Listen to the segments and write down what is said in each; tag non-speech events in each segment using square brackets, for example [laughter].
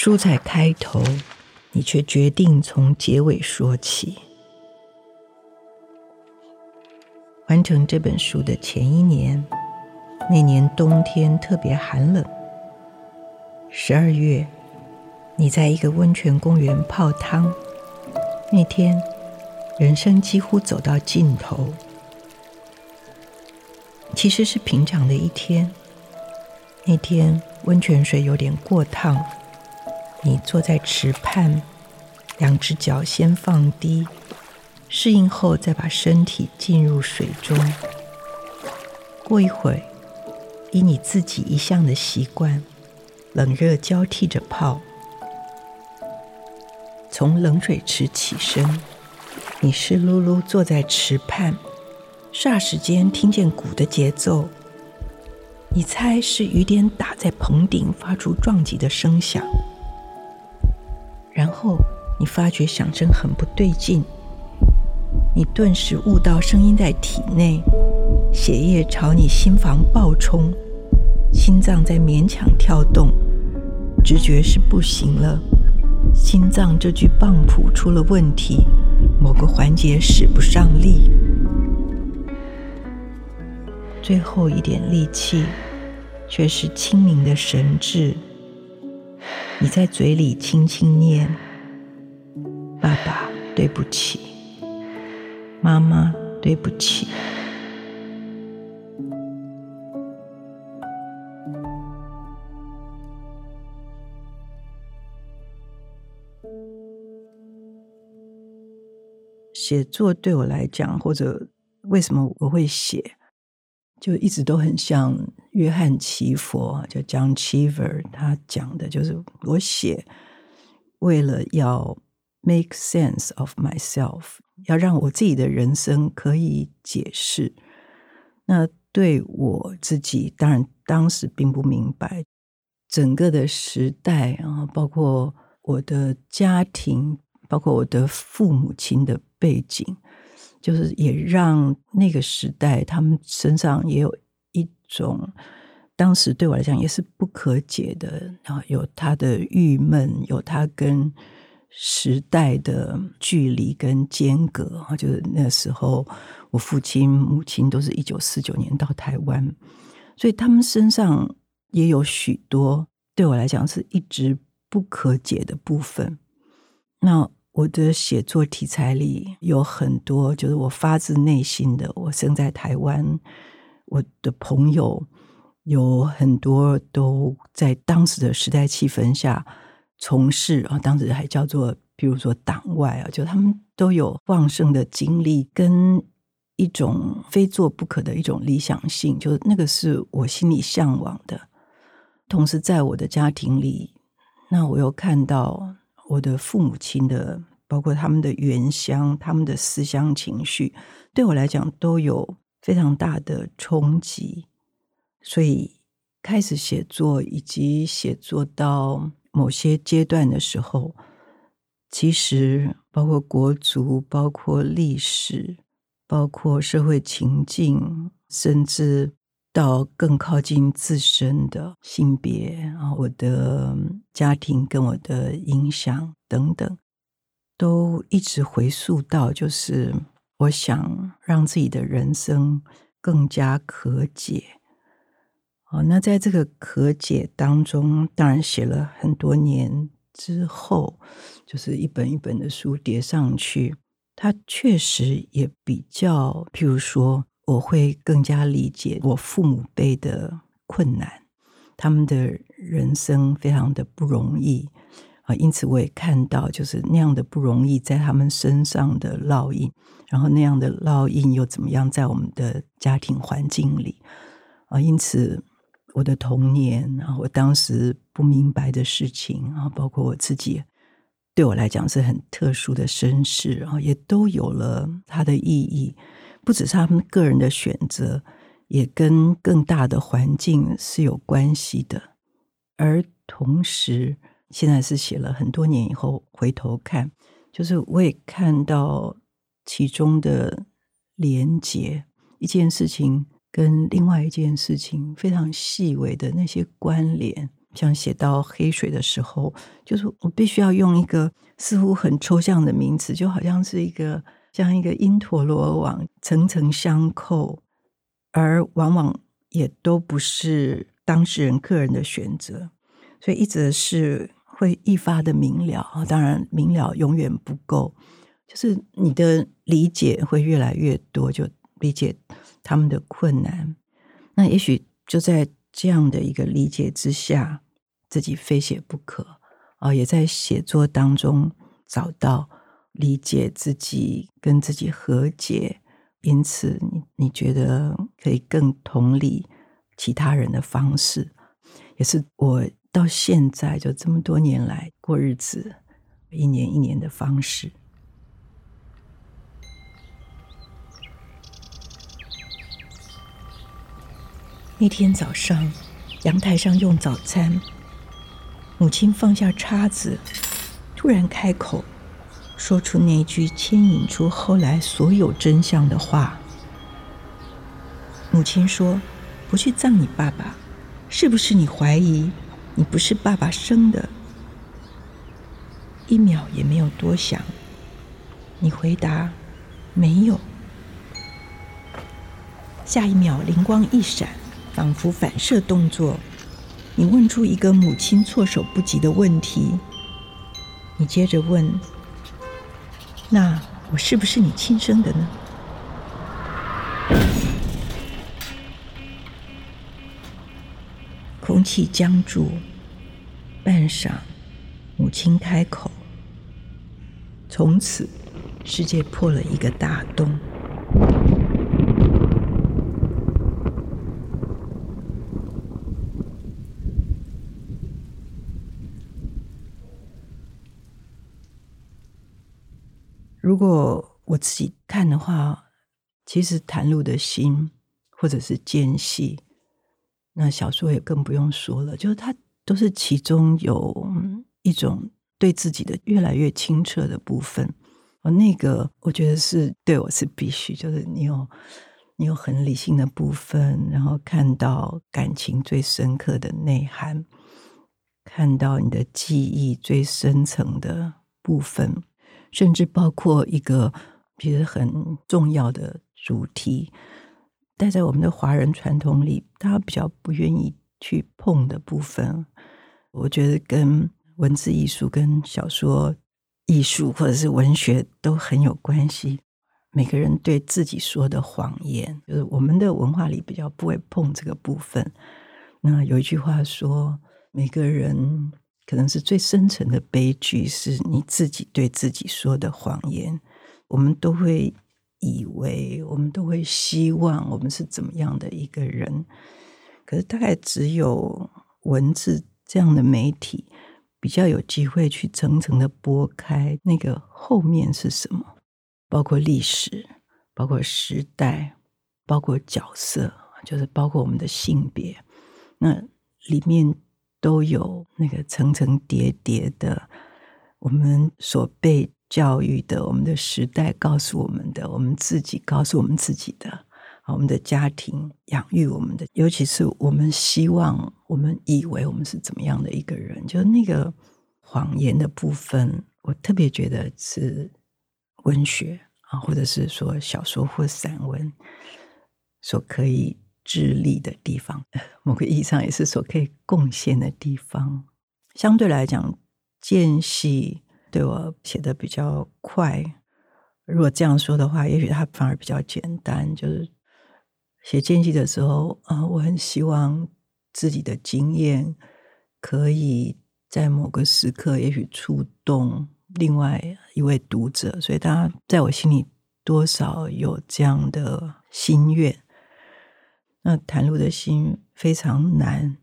書在開頭，你卻決定從結尾說起。完成這本書的前一年，那年冬天特別寒冷。十二月，你在一個溫泉公園泡湯，那天，人生幾乎走到盡頭。其實是平常的一天，那天溫泉水有點過燙。你坐在池畔，兩只腳先放低，適應後再把身體浸入水中。過一會兒，以你自己一向的習慣，冷熱交替着泡。從冷水池起身，你濕漉漉坐在池畔，霎時間聽見鼓的節奏，你猜是雨點打在棚頂發出撞擊的聲響。然後你發覺響聲很不對勁，你頓時悟到聲音在體內，血液朝你心房暴衝，心臟在勉強跳動，直覺是不行了，心臟這具泵浦出了問題，某個環節使不上力，最後一點力氣卻是清明的神智。你在嘴裡輕輕念：“爸爸，對不起；媽媽，對不起。”寫作對我來講，或者為什麼我會寫，就一直都很像。約翰奇佛，就 John Cheever，他講的就是我寫，為了要 make sense of myself，要讓我自己的人生可以解釋。那對我自己，當然當時並不明白，整個的時代啊，包括我的家庭，包括我的父母親的背景，就是也讓那個時代他們身上也有。種當時對我來講也是不可解的，然後有他的鬱悶，有他跟時代的距離跟間隔，就是那時候我父親母親都是一九四九年到台灣，所以他們身上也有許多對我來講是一直不可解的部分。那我的寫作題材裡有很多，就是我發自內心的，我生在台灣。我的朋友有很多都在當時的時代氣氛下從事，啊，當時還叫做，比如說黨外啊，就他們都有旺盛的精力跟一種非做不可的一種理想性，就那個是我心裡向往的。同時，在我的家庭裡，那我又看到我的父母親的，包括他們的原鄉、他們的思鄉情緒，對我來講都有非常大的衝擊，所以開始寫作，以及寫作到某些階段的時候，其實包括國族，包括歷史，包括社會情境，甚至到更靠近自身的性別啊，我的家庭跟我的影響等等，都一直回溯到就是。我想讓自己的人生更加可解。哦，那在這個可解當中，當然寫了很多年之後，就是一本一本的書疊上去，它確實也比較，譬如說，我會更加理解我父母輩的困難，他們的人生非常的不容易。因此我也看到，就是那樣的不容易在他們身上的烙印，然後那樣的烙印又怎麼樣在我們的家庭環境裡啊？因此，我的童年啊，我當時不明白的事情啊，包括我自己，對我來講是很特殊的身世啊，也都有了它的意義。不只是他們個人的選擇，也跟更大的環境是有關係的，而同時。現在是寫了很多年以後回頭看，就是我也看到其中的連結，一件事情跟另外一件事情非常細微的那些關聯。像寫到黑水的時候，就是我必須要用一個似乎很抽象的名詞，就好像是一個像一個因陀羅網，層層相扣，而往往也都不是當事人個人的選擇，所以一直是。會愈發的明了，當然明了永遠不夠，就是你的理解會越來越多，就理解他們的困難。那也許就在這樣的一個理解之下，自己非寫不可啊，也在寫作當中找到理解自己、跟自己和解，因此你你覺得可以更同理其他人的方式，也是我。到現在，就這麼多年來過日子，一年一年的方式。那天早上，陽臺上用早餐，母親放下叉子，突然開口，說出那句牽引出後來所有真相的話。母親說：“不去葬你爸爸，是不是你懷疑？”你不是爸爸生的，一秒也沒有多想。你回答，沒有。下一秒靈光一閃，仿佛反射動作，你問出一個母親措手不及的問題。你接着問，那我是不是你親生的呢？空氣僵住，半晌，母親開口：“從此，世界破了一個大洞。”如果我自己看的話，其實袒露的心，或者是間隙。那小說也更不用說了，就是它都是其中有一種對自己的越來越清澈的部分，那個我覺得是對我是必須，就是你有你有很理性的部分，然後看到感情最深刻的內涵，看到你的記憶最深層的部分，甚至包括一個其實很重要的主題。但在我們的華人傳統裡，大家比較不願意去碰的部分，我覺得跟文字藝術、跟小說藝術或者是文學都很有關係。每個人對自己說的謊言，就是我們的文化裡比較不會碰這個部分。那有一句話說，每個人可能是最深層的悲劇，是你自己對自己說的謊言。我們都會。以為我們都會希望我們是怎麼樣的一個人，可是大概只有文字這樣的媒體比較有機會去層層的撥開那個後面是什麼，包括歷史，包括時代，包括角色，就是包括我們的性別，那裡面都有那個層層疊疊的我們所被。教育的，我們的時代告訴我們的，我們自己告訴我們自己的，我們的家庭養育我們的，尤其是我們希望、我們以為我們是怎麼樣的一個人，就是那個謊言的部分，我特別覺得是文學啊，或者是說小說或散文所可以致力的地方，某個意義上也是所可以貢獻的地方。相對來講，間隙。對我寫得比較快，如果這樣說的話，也許他反而比較簡單。就是寫間隙的時候啊、呃，我很希望自己的經驗可以在某個時刻，也許觸動另外一位讀者。所以，他在我心裡多少有這樣的心願。那坦露的心非常難，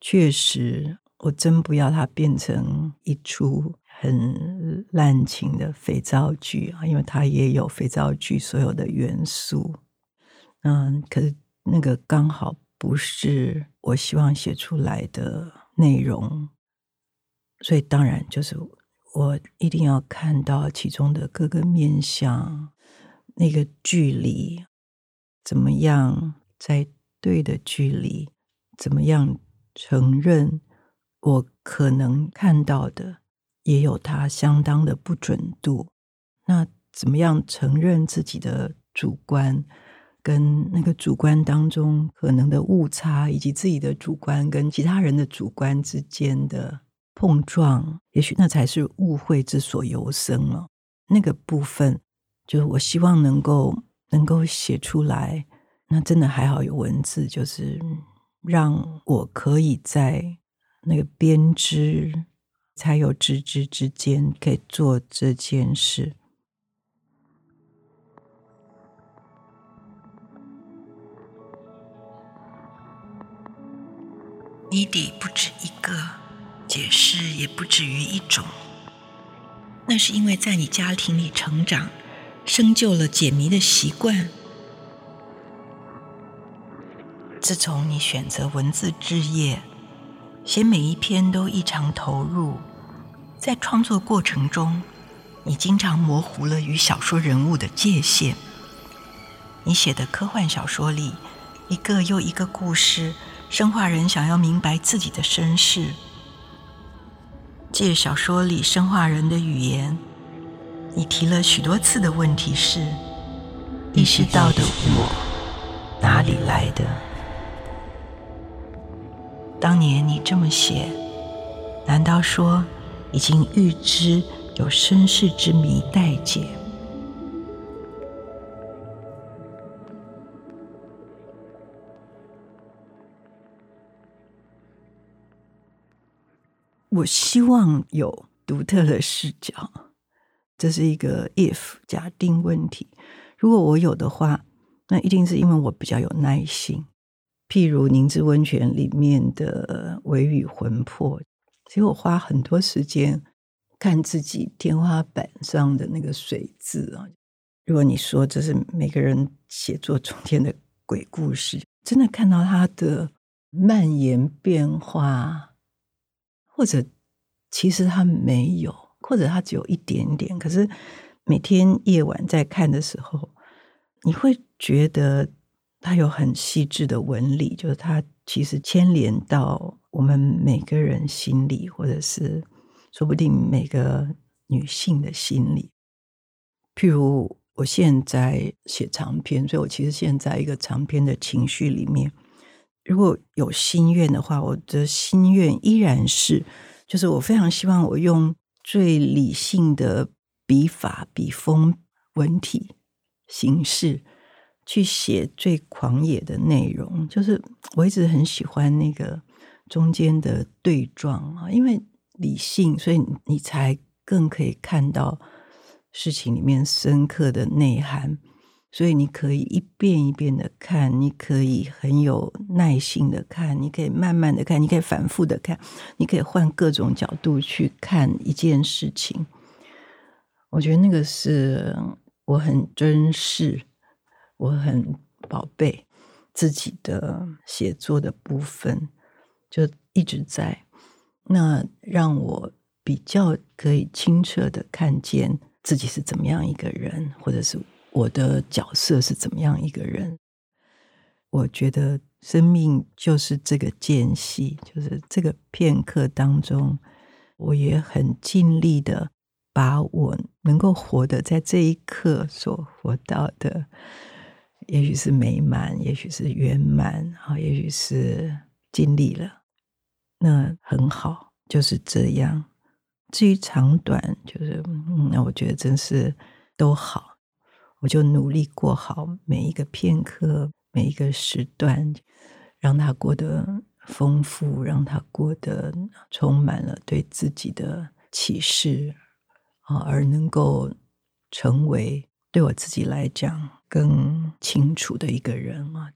確實，我真不要它變成一出。很濫情的肥皂劇啊，因為它也有肥皂劇所有的元素。嗯，可是那個剛好不是我希望寫出來的內容，所以當然就是我一定要看到其中的各個面向，那個距離，怎麼樣在對的距離，怎麼樣承認我可能看到的。也有它相當的不準度，那怎麼樣承認自己的主觀，跟那個主觀當中可能的誤差，以及自己的主觀跟其他人的主觀之間的碰撞，也許那才是誤會之所由生了哦。那個部分，就是我希望能夠能夠寫出來。那真的還好有文字，就是讓我可以在那個編織。才有知知之間可以做這件事。謎底不止一個，解釋也不止於一種。那是因為在你家庭裡成長，生就了解謎的習慣。自從你選擇文字職業，寫每一篇都異常投入，在創作過程中，你經常模糊了與小說人物的界限。你寫的科幻小說裡，一個又一個故事，生化人想要明白自己的身世，借小說裡生化人的語言，你提了許多次的問題是：意識到的，我哪裡來的？當年你這麼寫，難道說已經預知有身世之謎待解？ [noise] 我希望有獨特的視角，這是一個 if 假定問題。如果我有的話，那一定是因為我比較有耐心。譬如凝脂溫泉裡面的微雨魂魄，其實我花很多時間看自己天花板上的那個水漬。啊，如果你說這是每個人寫作中間的鬼故事，真的看到它的蔓延變化，或者其實它沒有，或者它只有一點點，可是每天夜晚在看的時候，你會覺得。它有很細緻的紋理，就是它其實牽連到我們每個人心裡，或者是說不定每個女性的心理。譬如我現在寫長篇，所以我其實現在一個長篇的情緒裡面，如果有心願的話，我的心願依然是，就是我非常希望我用最理性的筆法、筆鋒、文體、形式。去寫最狂野的內容，就是我一直很喜歡那個中間的對撞，因為理性，所以你才更可以看到事情裡面深刻的內涵。所以你可以一遍一遍的看，你可以很有耐心的看，你可以慢慢的看，你可以反覆的看，你可以換各種角度去看一件事情。我覺得那個是我很珍視。我很寶貝自己的寫作的部分，就一直在，那讓我比較可以清澈地看見自己是怎麼樣一個人，或者是我的角色是怎麼樣一個人。我覺得生命就是這個間隙，就是這個片刻當中，我也很盡力的把我能夠活得在這一刻所活到的。也許是美滿，也許是圓滿，啊，也許是盡力了，那很好，就是這樣。至於長短，就是嗯，那，我覺得真是都好。我就努力過好每一個片刻，每一個時段，讓它過得豐富，讓它過得充滿了對自己的啟示，啊，而能夠成為對我自己來講。更清楚的一個人啊，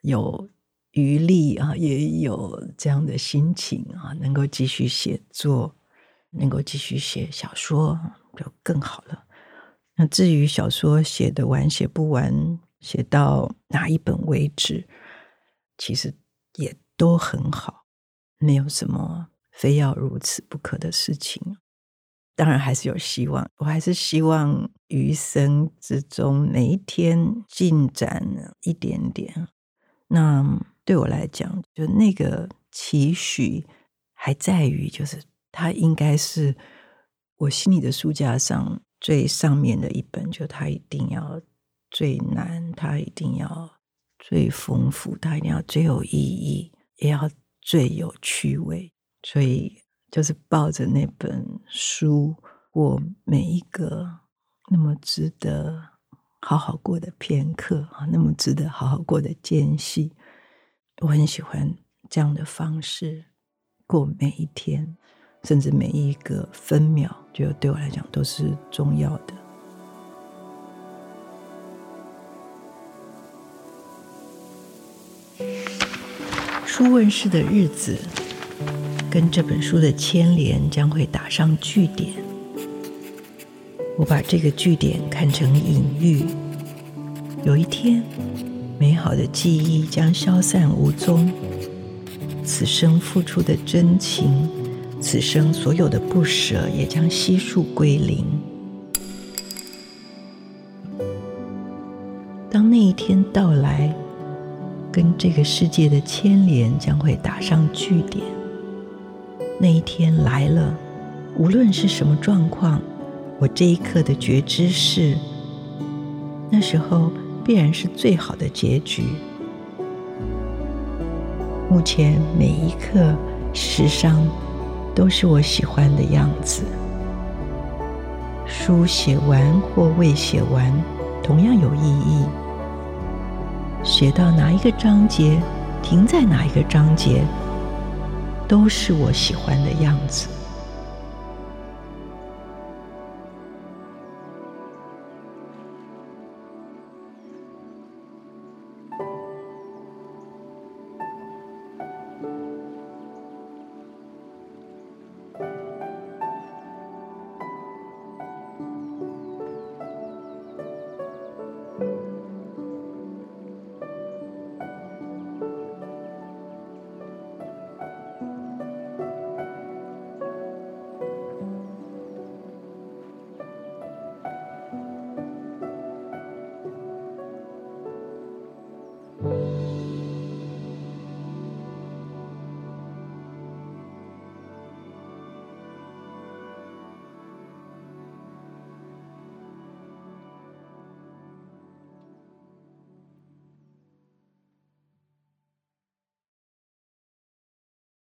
有餘力啊，也有這樣的心情啊，能夠繼續寫作，能夠繼續寫小說，就更好了。那至於小說寫得完寫不完，寫到哪一本為止，其實也都很好，沒有什麼非要如此不可的事情。當然還是有希望，我還是希望餘生之中每一天進展一點點。那對我來講，就那個期許還在於，就是它應該是我心裡的書架上最上面的一本，就它一定要最難，它一定要最豐富，它一定要最有意義，也要最有趣味，所以。就是抱着那本書過每一個那麼值得好好過的片刻啊，那麼值得好好過的間隙，我很喜歡這樣的方式過每一天，甚至每一個分秒，就對我來講都是重要的。書問世的日子，跟這本書的牽連將會打上句點。我把這個句點看成隱喻。有一天，美好的記憶將消散無蹤，此生付出的真情，此生所有的不捨也將悉數歸零。當那一天到來，跟這個世界的牽連將會打上句點。那一天來了，無論是什麼狀況，我這一刻的覺知是：那時候必然是最好的結局。目前每一刻、時尚都是我喜歡的樣子。書寫完或未寫完，同樣有意義。寫到哪一個章節，停在哪一個章節，都是我喜歡的樣子。